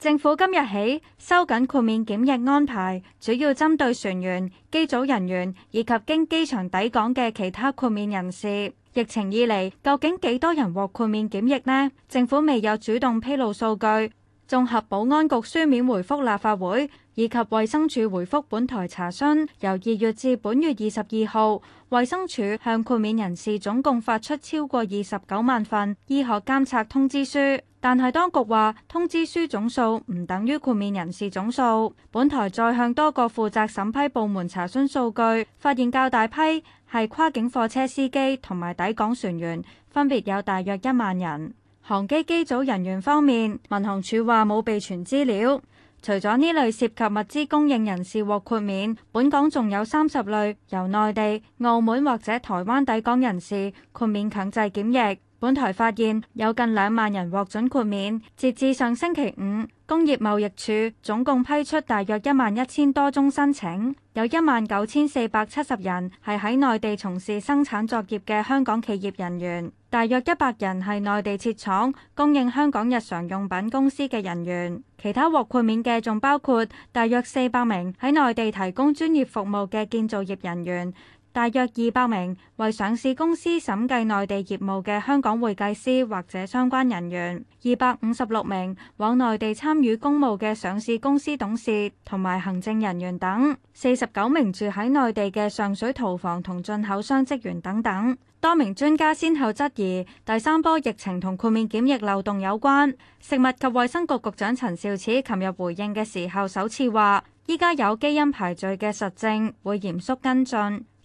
政府今日起收緊豁免檢疫安排，主要針對船員、機組人員以及經機場抵港嘅其他豁免人士。疫情以嚟，究竟幾多人獲豁免檢疫呢？政府未有主動披露數據。綜合保安局書面回覆立法會，以及衛生署回覆本台查詢，由二月至本月二十二號，衛生署向豁免人士總共發出超過二十九萬份醫學監察通知書。但係當局話通知書總數唔等於豁免人士總數。本台再向多個負責審批部門查詢數據，發現較大批係跨境貨車司機同埋抵港船員，分別有大約一萬人。航機機組人員方面，民航處話冇備存資料。除咗呢類涉及物資供應人士獲豁免，本港仲有三十類由內地、澳門或者台灣抵港人士豁免強制檢疫。本台發現有近兩萬人獲准豁免，截至上星期五，工業貿易署總共批出大約一萬一千多宗申請，有一萬九千四百七十人係喺內地從事生產作業嘅香港企業人員，大約一百人係內地設廠供應香港日常用品公司嘅人員，其他獲豁免嘅仲包括大約四百名喺內地提供專業服務嘅建造業人員，大約二百名為上市公司審計內地業務嘅香港會計師或者相關人員，二百五十六名往內地參與公務嘅上市公司董事同埋行政人員等，四十九名住喺內地嘅上水屠房同進口商職員等等，多名專家先後質疑第三波疫情同豁免檢疫漏洞有關。食物及衛生局局長陳肇始琴日回應嘅時候，首次話依家有基因排序嘅實證，會嚴肅跟進。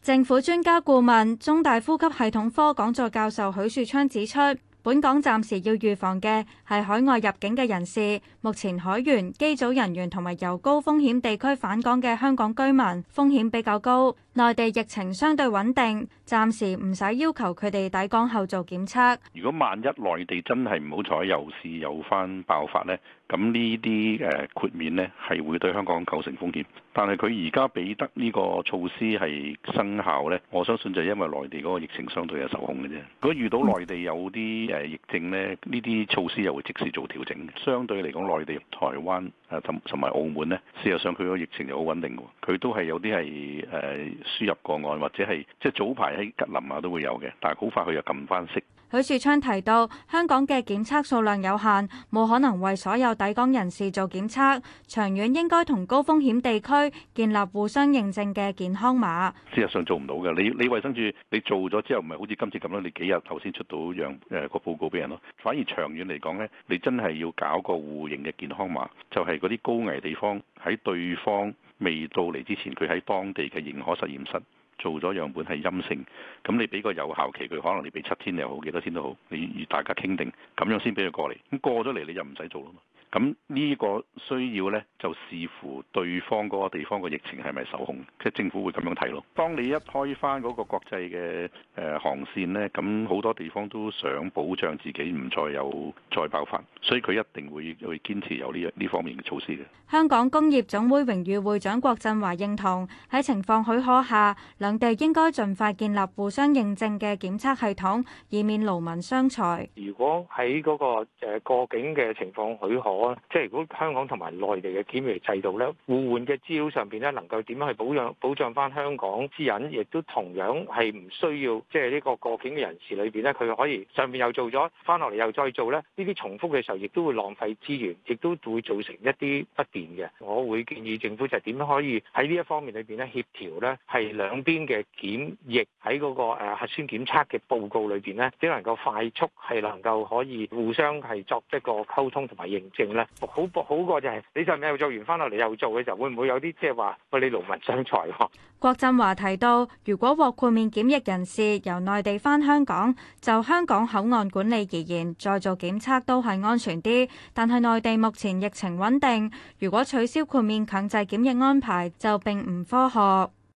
政府專家顧問、中大呼吸系統科講座教授許樹昌指出，本港暫時要預防嘅係海外入境嘅人士，目前海員、機組人員同埋由高風險地區返港嘅香港居民風險比較高。內地疫情相對穩定，暫時唔使要求佢哋抵港後做檢測。如果萬一內地真係唔好彩，又係有翻爆發呢，咁呢啲誒豁免呢係會對香港構成風險。但係佢而家俾得呢個措施係生效呢，我相信就係因為內地嗰個疫情相對係受控嘅啫。如果遇到內地有啲誒疫症呢，呢啲措施又會即時做調整。相對嚟講，內地、台灣誒同同埋澳門呢，事實上佢個疫情又好穩定嘅，佢都係有啲係誒。輸入個案或者係即係早排喺吉林啊都會有嘅，但係好快佢又撳翻息。許樹昌提到，香港嘅檢測數量有限，冇可能為所有抵港人士做檢測，長遠應該同高風險地區建立互相認證嘅健康碼，事實上做唔到嘅，你你衛生署你做咗之後唔係好似今次咁樣，你幾日頭先出到樣誒個報告俾人咯？反而長遠嚟講咧，你真係要搞個互認嘅健康碼，就係嗰啲高危地方喺對方。未到嚟之前，佢喺當地嘅認可實驗室做咗樣本係陰性，咁你俾個有效期佢，可能你俾七天又好，幾多天都好，你與大家傾定，咁樣先俾佢過嚟。咁過咗嚟你就唔使做啦嘛。咁呢個需要呢，就視乎對方嗰個地方嘅疫情係咪受控，即政府會咁樣睇咯。當你一開翻嗰個國際嘅誒航線呢，咁好多地方都想保障自己唔再有再爆發，所以佢一定會會堅持有呢一呢方面嘅措施嘅。香港工業總會榮譽會長郭振華認同喺情況許可下，兩地應該盡快建立互相認證嘅檢測系統，以免勞民傷財。如果喺嗰個誒過境嘅情況許可。即係如果香港同埋內地嘅檢疫制度咧，互換嘅資料上邊咧，能夠點樣去保養保障翻香港嘅人，亦都同樣係唔需要，即係呢個過境嘅人士裏邊咧，佢可以上面又做咗，翻落嚟又再做咧，呢啲重複嘅時候，亦都會浪費資源，亦都會造成一啲不便嘅。我會建議政府就係點樣可以喺呢一方面裏邊咧協調咧，係兩邊嘅檢疫喺嗰個核酸檢測嘅報告裏邊咧，只能夠快速係能夠可以互相係作一個溝通同埋認證。好博好過就係你上面又做完翻落嚟又做嘅時候，會唔會有啲即係話喂，你勞民傷財？郭振華提到，如果獲豁免檢疫人士由內地返香港，就香港口岸管理而言，再做檢測都係安全啲。但係內地目前疫情穩定，如果取消豁免強制檢疫安排，就並唔科學。